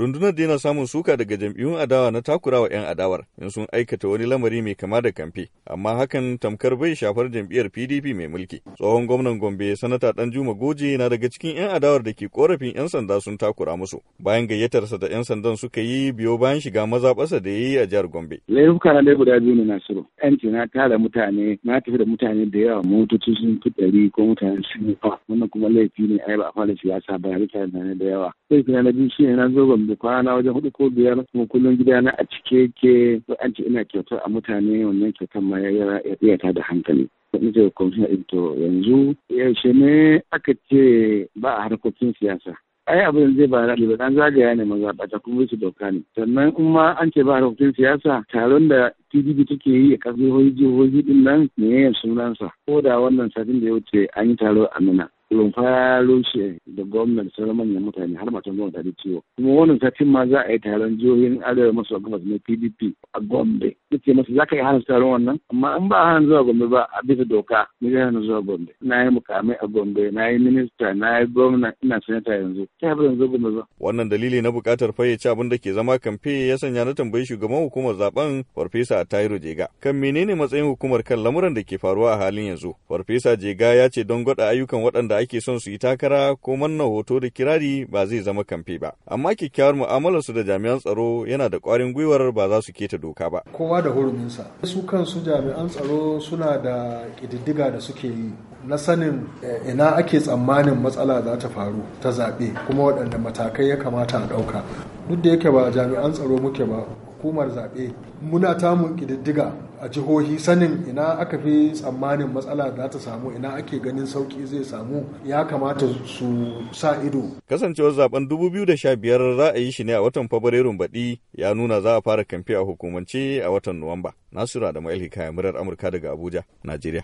rundunar da yana samun suka daga jam'iyyun adawa na takurawa 'yan adawar in sun aikata wani lamari mai kama da kamfe amma hakan tamkar bai shafar jam'iyyar pdp mai mulki tsohon gwamnan gombe sanata danjuma goje na daga cikin 'yan adawar da ke korafin 'yan sanda sun takura musu bayan gayyatarsa da 'yan sandan suka yi biyo bayan shiga mazaɓarsa da ya yi a jihar gombe laifuka na guda biyu ne nasiru yanci na tara mutane na tafi da mutane da yawa motoci sun fi ɗari ko mutane sun yi wannan kuma laifi ne ai ba a fara siyasa ba ya mutane da yawa laifi na biyu shi ne na zo gombe da kwana wajen hudu ko biyar kuma kullum na a cike yake an ce ina kyautar a mutane wannan kyautar ma ya iya ta da hankali nake kwamfina ɗin to yanzu yaushe ne aka ce ba a harkokin siyasa ai abin zai ba na ba dan zagaya ne mazaɓata kuma su doka ne sannan in ma an ce ba harkokin siyasa taron da PDP take yi a ƙasar jihohi ɗin nan ne sunansa ko da wannan satin da ya wuce an yi taro a nuna. rumfa ya rushe da gwamnan sauran ya mutane har matan zuwa da ciwo kuma wannan satin ma za a yi taron jihohin arewa maso gabas na pdp a gombe nace masa za ka yi hana taron wannan amma in ba hana zuwa gombe ba a bisa doka ni zai hana zuwa gombe na yi mukamai a gombe na yi minista na yi gwamna ina sanata yanzu ta yi zo gombe ba. wannan dalili na buƙatar fayyace abin da ke zama kamfe ya sanya na tambayi shugaban hukumar zaben farfesa tairo jega kan menene matsayin hukumar kan lamuran da ke faruwa a halin yanzu farfesa jega ya ce don gwada ayyukan waɗanda ake son su yi takara ko wannan hoto da kirari ba zai zama kamfe ba amma kyakkyawar mu'amalar su da jami'an tsaro yana da ƙwarin gwiwar ba za su keta doka ba kowa da huruminsa su kansu jami'an tsaro suna da ƙididdiga da suke yi na sanin eh, ina ake tsammanin matsala za ta faru ta zaɓe kuma waɗanda matakai ya kamata a ɗauka duk da yake ba jami'an tsaro muke ba hukumar zaɓe muna tamu ƙididdiga a jihohi sanin ina aka fi tsammanin matsala za ta samu ina ake ganin sauki zai samu ya kamata su sa ido. Kasancewar zaben 2015 za a yi shi ne a watan Fabrairun baɗi ya nuna za a fara kamfe a hukumance a watan Nuwamba. nasiru da Ma'il Hikaya Murar Amurka daga Abuja, Najeriya.